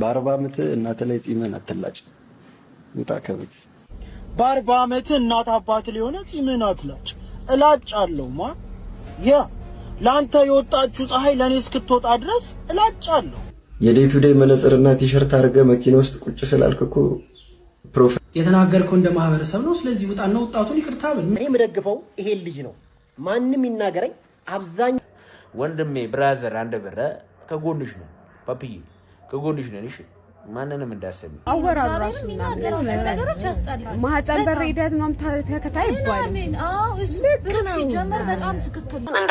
በአርባ ዓመት እናት ላይ ፂምህን አትላጭ። ውጣ ከቤት በአርባ ዓመት እናት አባት ሊሆነ ፂምህን አትላጭ። እላጭ አለው ማ ያ ለአንተ የወጣችሁ ፀሐይ ለእኔ እስክትወጣ ድረስ እላጭ አለው። የዴይ ቱ ዴይ መነጽርና ቲሸርት አድርገ መኪና ውስጥ ቁጭ ስላልክ እኮ ፕሮፌ የተናገርከው እንደ ማህበረሰብ ነው። ስለዚህ ውጣና ወጣቱን ይቅርታ ብል እኔ የምደግፈው ይሄን ልጅ ነው። ማንም ይናገረኝ። አብዛኛው ወንድሜ ብራዘር አንድ ብረ ከጎንሽ ነው ፓፒዬ ከጎንሽ ነን። እሺ ማንንም እንዳሰሚ አወራሩ ራሱ ነገሮች ያስጠላል። ማህፀን በር ሂደት ነው ተከታይ እንደ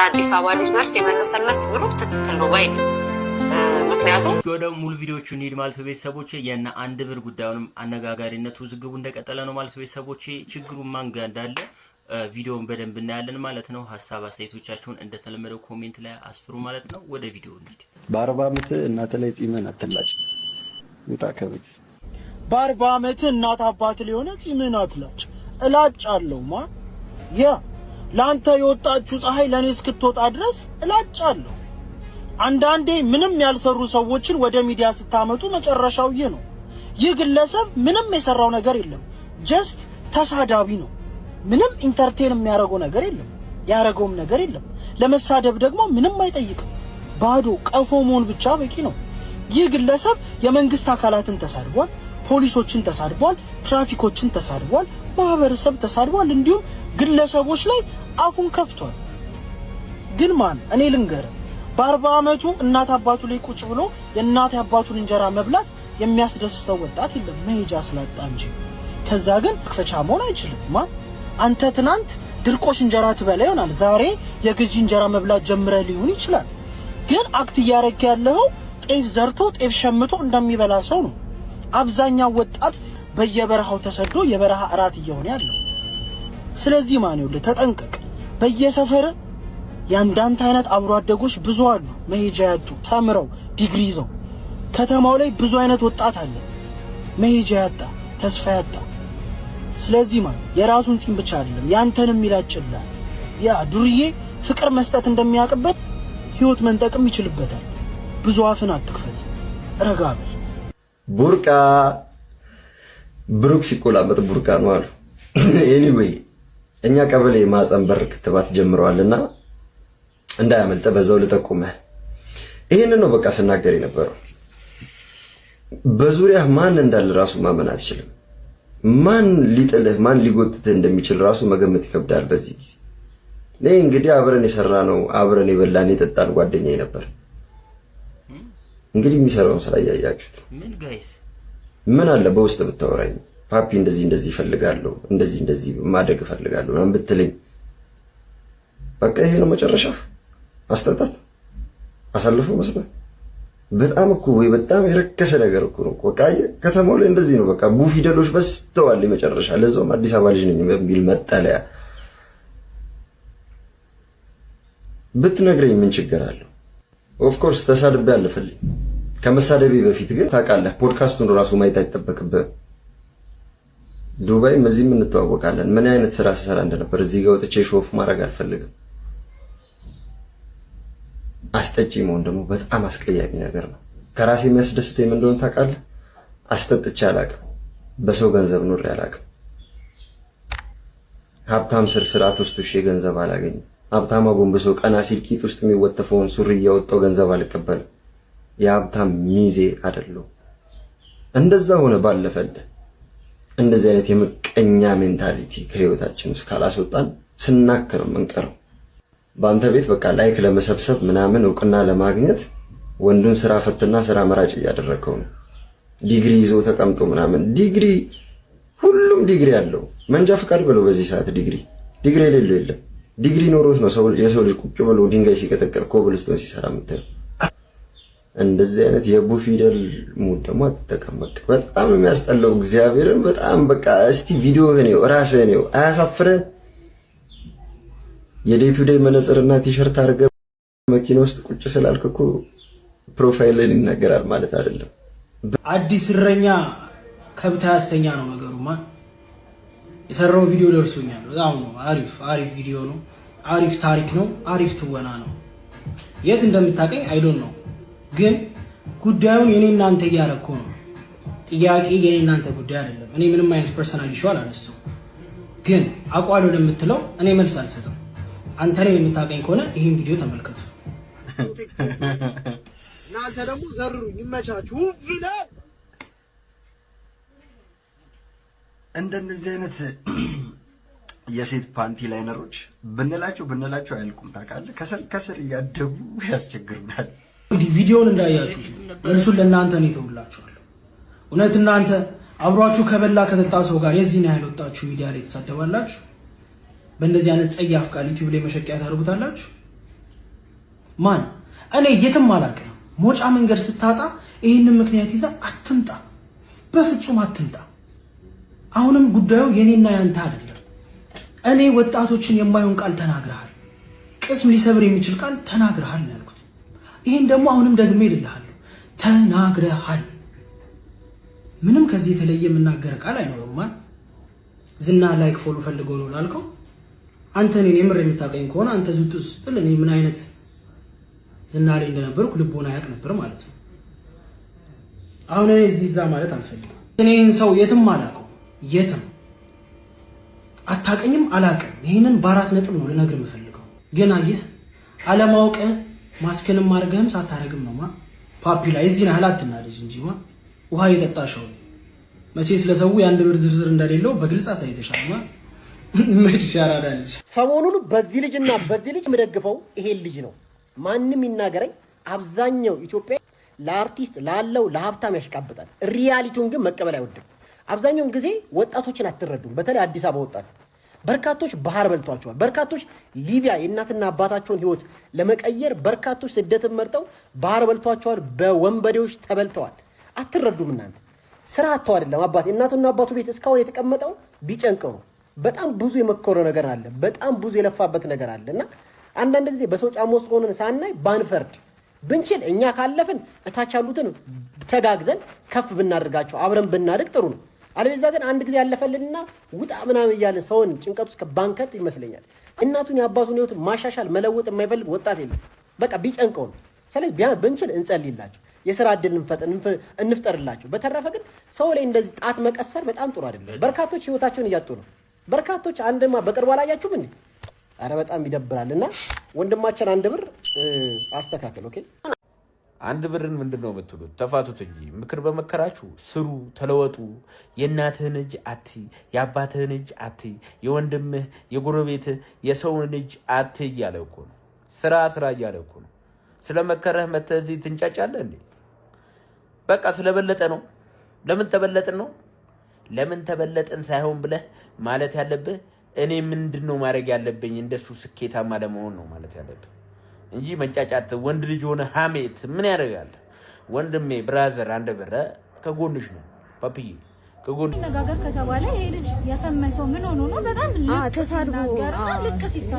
አዲስ አበባ ልጅ መልስ የመለሰለት ብሎ ትክክል ነው ምክንያቱም ወደ ሙሉ ቪዲዮቹ እንሂድ ማለት ቤተሰቦች፣ የእነ አንድ ብር ጉዳዩንም አነጋጋሪነቱ ውዝግቡ እንደቀጠለ ነው ማለት ቤተሰቦች፣ ችግሩ ማንጋ እንዳለ ቪዲዮውን በደንብ እናያለን ማለት ነው። ሀሳብ አስተያየቶቻችሁን እንደተለመደው ኮሜንት ላይ አስፍሩ ማለት ነው። ወደ ቪዲዮ እንሂድ። በአርባ ዓመት እናተ ላይ ፂምን አትላጭ፣ ውጣ ከቤት። በአርባ ዓመት እናት አባት ሊሆነ ፂምን አትላጭ። እላጭ አለው ማ ያ ለአንተ የወጣችሁ ፀሐይ ለእኔ እስክትወጣ ድረስ እላጭ አለው። አንዳንዴ ምንም ያልሰሩ ሰዎችን ወደ ሚዲያ ስታመጡ መጨረሻው ይህ ነው። ይህ ግለሰብ ምንም የሰራው ነገር የለም። ጀስት ተሳዳቢ ነው። ምንም ኢንተርቴን የሚያደርገው ነገር የለም። ያደረገውም ነገር የለም። ለመሳደብ ደግሞ ምንም አይጠይቅም። ባዶ ቀፎ መሆን ብቻ በቂ ነው። ይህ ግለሰብ የመንግስት አካላትን ተሳድቧል፣ ፖሊሶችን ተሳድቧል፣ ትራፊኮችን ተሳድቧል፣ ማህበረሰብ ተሳድቧል፣ እንዲሁም ግለሰቦች ላይ አፉን ከፍቷል። ግን ማን እኔ ልንገር፣ በአርባ ዓመቱ እናት አባቱ ላይ ቁጭ ብሎ የእናት አባቱን እንጀራ መብላት የሚያስደስተው ወጣት የለም መሄጃ ስላጣ እንጂ። ከዛ ግን ክፈቻ መሆን አይችልም። ማን አንተ ትናንት ድርቆሽ እንጀራ ትበላ ይሆናል፣ ዛሬ የግዢ እንጀራ መብላት ጀምረ ሊሆን ይችላል። ግን አክት እያደረግ ያለው ጤፍ ዘርቶ ጤፍ ሸምቶ እንደሚበላ ሰው ነው። አብዛኛው ወጣት በየበረሃው ተሰዶ የበረሃ እራት እየሆነ ያለው። ስለዚህ ማን ተጠንቀቅ። በየሰፈር የአንዳንድ አይነት አብሮ አደጎች ብዙ አሉ፣ መሄጃ ያጡ ተምረው ዲግሪ ይዘው። ከተማው ላይ ብዙ አይነት ወጣት አለ፣ መሄጃ ያጣ ተስፋ ያጣ ስለዚህ ማ የራሱን ፂም ብቻ አይደለም ያንተንም ይላጭላል። ያ ዱርዬ ፍቅር መስጠት እንደሚያውቅበት ህይወት መንጠቅም ይችልበታል። ብዙ አፍን አትክፈት፣ ረጋ በል። ቡርቃ ብሩክ ሲቆላመጥ ቡርቃ ነው አሉ። ኤኒዌይ እኛ ቀበሌ ማህፀን በር ክትባት ጀምረዋልና እንዳያመልጠ በዛው ልጠቁመህ። ይህንን ነው በቃ ስናገር የነበረው። በዙሪያ ማን እንዳለ ራሱ ማመን አትችልም። ማን ሊጥልህ ማን ሊጎትትህ እንደሚችል ራሱ መገመት ይከብዳል። በዚህ ጊዜ እኔ እንግዲህ አብረን የሰራ ነው አብረን የበላን የጠጣን ጓደኛ ነበር። እንግዲህ የሚሰራውን ስራ እያያችሁት ምን አለ በውስጥ ብታወራኝ ፓፒ እንደዚህ እንደዚህ እፈልጋለሁ እንደዚህ እንደዚህ ማደግ እፈልጋለሁ ምናምን ብትለኝ፣ በቃ ይሄ ነው መጨረሻ፣ አስጠጣት፣ አሳልፎ መስጠት በጣም እኮ ወይ በጣም የረከሰ ነገር እኮ ነው። በቃ ከተማው ላይ እንደዚህ ነው። በቃ ሙ ፊደሎች በስተዋል መጨረሻ። ለዛውም አዲስ አበባ ልጅ ነኝ በሚል መጠለያ ብትነግረኝ ምን ችግር አለው? ኦፍኮርስ ተሳድቤ አለፈልኝ። ከመሳደቤ በፊት ግን ታውቃለህ፣ ፖድካስቱን ራሱ ማየት አይጠበቅብህ። ዱባይም እዚህ እንተዋወቃለን። ምን አይነት ስራ ስሰራ እንደነበር እዚህ ጋር ወጥቼ ሾፍ ማድረግ አልፈልግም። አስጠጪ መሆን ደግሞ በጣም አስቀያሚ ነገር ነው። ከራሴ የሚያስደስት ምን እንደሆነ ታውቃለህ? አስጠጥቼ አላቅም። በሰው ገንዘብ ኑር አላቅም። ሀብታም ስር ስርዓት ውስጥ ውሼ ገንዘብ አላገኝም። ሀብታም አጎንብሶ ቀና ሲል ቂጥ ውስጥ የሚወተፈውን ሱሪ እያወጣው ገንዘብ አልቀበልም። የሀብታም ሚዜ አይደለሁም። እንደዛ ሆነ ባለፈለ እንደዚህ አይነት የምቀኛ ሜንታሊቲ ከህይወታችን ውስጥ ካላስወጣን ስናክ ነው የምንቀረው። በአንተ ቤት በቃ ላይክ ለመሰብሰብ ምናምን እውቅና ለማግኘት ወንዱን ስራ ፈትና ስራ መራጭ እያደረግከው ነው። ዲግሪ ይዞ ተቀምጦ ምናምን ዲግሪ፣ ሁሉም ዲግሪ አለው። መንጃ ፈቃድ ብለው በዚህ ሰዓት ዲግሪ ዲግሪ የሌለው የለም። ዲግሪ ኖሮት ነው የሰው ልጅ ቁጭ ብሎ ድንጋይ ሲቀጠቀጥ ኮብልስቶን ሲሰራ የምታየው። እንደዚህ አይነት የቡ ፊደል ሙድ ደግሞ አትጠቀም። በጣም የሚያስጠላው እግዚአብሔርን በጣም በቃ እስቲ ቪዲዮ ነው ራስህ ነው አያሳፍረን የዴይ ቱ ዴይ መነጽርና ቲሸርት አርገ መኪና ውስጥ ቁጭ ስላልክ እኮ ፕሮፋይልን ይናገራል ማለት አይደለም። አዲስ እረኛ ከብት ያስተኛ ነው ነገሩማ። የሰራው ቪዲዮ ደርሶኛል። በጣም ነው አሪፍ አሪፍ ቪዲዮ ነው። አሪፍ ታሪክ ነው። አሪፍ ትወና ነው። የት እንደምታቀኝ አይዶን ነው፣ ግን ጉዳዩን የኔ እናንተ እያረኮ ነው። ጥያቄ የኔ እናንተ ጉዳይ አይደለም። እኔ ምንም አይነት ፐርሰናል ይሸዋል አነሱ፣ ግን አቋል ወደምትለው እኔ መልስ አልሰጠም። አንተ ነው የምታገኝ ከሆነ ይህን ቪዲዮ ተመልከቱ እናንተ ደግሞ ዘሩኝ ይመቻችሁ እንደነዚህ አይነት የሴት ፓንቲ ላይነሮች ብንላቸው ብንላቸው አያልቁም ታውቃለህ ከስር ከስር እያደጉ ያስቸግሩናል እንግዲህ ቪዲዮውን እንዳያችሁ እርሱን ለእናንተ ነው የተውላችኋለሁ እውነት እናንተ አብሯችሁ ከበላ ከጠጣ ሰው ጋር የዚህን ያህል ወጣችሁ ሚዲያ ላይ ትሳደባላችሁ በእንደዚህ አይነት ጸያፍ ቃል ዩቲዩብ ላይ መሸቂያ ታደርጉታላችሁ። ማን እኔ የትም አላውቅም። ሞጫ መንገድ ስታጣ ይህንን ምክንያት ይዛ አትምጣ፣ በፍጹም አትምጣ። አሁንም ጉዳዩ የኔና ያንተ አይደለም። እኔ ወጣቶችን የማይሆን ቃል ተናግረሃል፣ ቅስም ሊሰብር የሚችል ቃል ተናግረሃል ያልኩት ይህን ደግሞ አሁንም ደግሜ እልልሃለሁ፣ ተናግረሃል። ምንም ከዚህ የተለየ የምናገር ቃል አይኖርም። ማን ዝና ላይክ ፎሎ ፈልገው ነው ላልከው አንተ እኔን የምር የምታውቀኝ ከሆነ አንተ ዝጡ ስትል እኔ ምን አይነት ዝና ላይ እንደነበርኩ ልቦና ያውቅ ነበር ማለት ነው። አሁን እኔ እዚህ እዛ ማለት አልፈልግም። እኔን ሰው የትም አላውቀው፣ የትም አታውቀኝም፣ አላውቅም። ይህንን በአራት ነጥብ ነው ልነግር የምፈልገው። ግን አየህ አለማወቅህን ማስክንም አድርገህም ሳታረግም ነውማ ፓፒ ላይ እዚህ ናህል አትናደጅ እንጂማ ውሃ የጠጣሸው መቼ ስለሰው የአንድ ብር ዝርዝር እንደሌለው በግልጽ አሳይተሻልማ። ሰሞኑን በዚህ ልጅና በዚህ ልጅ የምደግፈው ይሄን ልጅ ነው። ማንም ይናገረኝ፣ አብዛኛው ኢትዮጵያ ለአርቲስት ላለው ለሀብታም ያሽቃብጣል። ሪያሊቲውን ግን መቀበል አይወድም። አብዛኛውን ጊዜ ወጣቶችን አትረዱም። በተለይ አዲስ አበባ ወጣት በርካቶች ባህር በልቷቸዋል። በርካቶች ሊቢያ የእናትና አባታቸውን ህይወት ለመቀየር በርካቶች ስደትን መርጠው ባህር በልቷቸዋል። በወንበዴዎች ተበልተዋል። አትረዱም እናንተ ስራ አተው አይደለም አባት እናቱና አባቱ ቤት እስካሁን የተቀመጠው ቢጨንቀው በጣም ብዙ የመከረው ነገር አለ። በጣም ብዙ የለፋበት ነገር አለ እና አንዳንድ ጊዜ በሰው ጫማ ውስጥ ሆነን ሳናይ ባንፈርድ ብንችል እኛ ካለፍን እታች ያሉትን ተጋግዘን ከፍ ብናደርጋቸው አብረን ብናድግ ጥሩ ነው። አለበዛ ግን አንድ ጊዜ ያለፈልንና ውጣ ምናምን እያለን ሰውን ጭንቀት ውስጥ ባንከት ይመስለኛል። እናቱን የአባቱን ህይወት ማሻሻል መለወጥ የማይፈልግ ወጣት የለም። በቃ ቢጨንቀው ነው። ስለዚህ ቢያ ብንችል እንጸልይላቸው፣ የስራ እድል እንፍጠርላቸው። በተረፈ ግን ሰው ላይ እንደዚህ ጣት መቀሰር በጣም ጥሩ አይደለም። በርካቶች ህይወታቸውን እያጡ ነው። በርካቶች አንድማ በቅርቡ አላያችሁም እንዴ? አረ በጣም ይደብራል። እና ወንድማችን አንድ ብር አስተካክል። ኦኬ አንድ ብርን ምንድን ነው የምትሉት? ተፋቱት እንጂ ምክር በመከራችሁ ስሩ፣ ተለወጡ። የእናትህን እጅ አትይ፣ የአባትህን እጅ አትይ፣ የወንድምህ የጎረቤትህ የሰውን እጅ አትይ እያለ እኮ ነው። ስራ ስራ እያለ እኮ ነው። ስለመከረህ መከረህ መተህ እዚህ ትንጫጫለህ እንዴ? በቃ ስለበለጠ ነው። ለምን ተበለጥን ነው ለምን ተበለጠን ሳይሆን ብለህ ማለት ያለብህ እኔ ምንድን ነው ማድረግ ያለብኝ እንደሱ ስኬታማ ለመሆን ነው ማለት ያለብህ እንጂ መንጫጫት። ወንድ ልጅ የሆነ ሀሜት ምን ያደርጋል? ወንድሜ ብራዘር፣ አንድ ብረ ከጎንሽ ነው ፓፒዬ ከጎንሽ ነጋገር ከተባለ ይሄ ልጅ የፈመሰው ምን ሆኖ ነው በጣም ልቅ ሲናገር ልቅ ሲሳ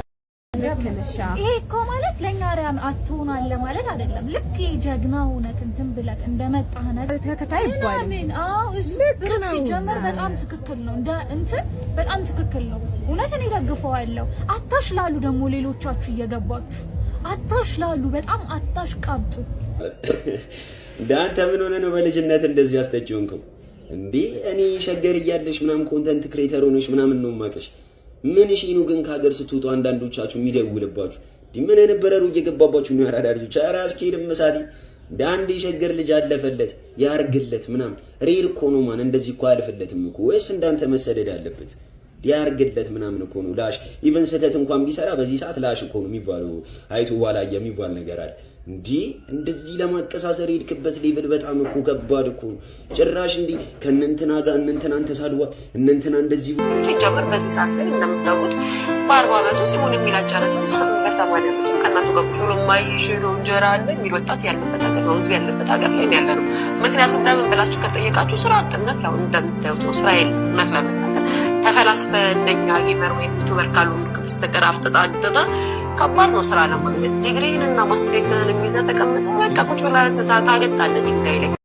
ይሄ እኮ ማለት ለኛ አርአያ ማለት አይደለም። ልክ ጀግና ሆነህ እንትን ብለህ እንደመጣህ ተከታይ አዎ እሱ ሲጀመር በጣም ትክክል ነው። እንደ እንትን በጣም ትክክል ነው። እውነት እኔ አታሽ ላሉ ደግሞ ሌሎቻችሁ እየገባችሁ አታሽ ላሉ በጣም አታሽ ቀብጡ ዳንተ ምን ሆነ ነው በልጅነት እንደዚህ አስተጭንከው እንዴ? እኔ ሸገር እያለሽ ምናምን ኮንተንት ክሬተር ሆነሽ ምናምን ነው ማቀሽ ምን እሺ ነው ግን ከሀገር ስትወጡ አንዳንዶቻችሁ የሚደውልባችሁ ምን የነበረ ሩ እየገባባችሁ ነው? ያራዳ ልጆች ኧረ አስኬድም እሳቴ እንደ አንድ የሸገር ልጅ አለፈለት ያርግለት ምናምን ሬር እኮ ነው ማን እንደዚህ እኮ አያልፍለትም እኮ ወይስ እንዳንተ መሰደድ አለበት? ሊያርግለት ምናምን እኮ ነው ላሽ። ኢቨን ስህተት እንኳን ቢሰራ በዚህ ሰዓት ላሽ እኮ ነው የሚባለው። አይቶ ዋላ የሚባል ነገር አለ እንዲህ እንደዚህ ለማቀሳሰር የሄድክበት ሌብል በጣም እኮ ከባድ እኮ ነው። ጭራሽ እንዲህ ከእነንትና ጋር እነንትናን ተሳድቧል፣ እነንትና እንደዚህ ሲጀምር በዚህ ሰዓት ላይ እንደምታውቁት በአርባ ዓመቱ ሲሆን የሚላጭ አይደለም በሰማንያ ዓመቱ ከእናቱ ጋር ቁጭ ብሎ የማይሽሎ እንጀራ አለ የሚል ወጣት ያለበት ሀገር ነው፣ ህዝብ ያለበት ሀገር ላይ ያለ ነው። ምክንያቱም ለምን ብላችሁ ከጠየቃችሁ ስራ አጥነት ያው እንደምታዩት ነው። ስራ የለም እውነት ለመናገር ተፈላስፈ እንደኛ ጌመር ወይም ቱበር ካሉ በስተቀር አፍጥጣ ግጥጣ ከባድ ነው ስራ ለማግኘት ዲግሪህን እና ማስትሬትህን የሚይዘህ ተቀምጠህ በቃ ቁጭ ብለህ ታገጣለህ ድንጋይ ላይ።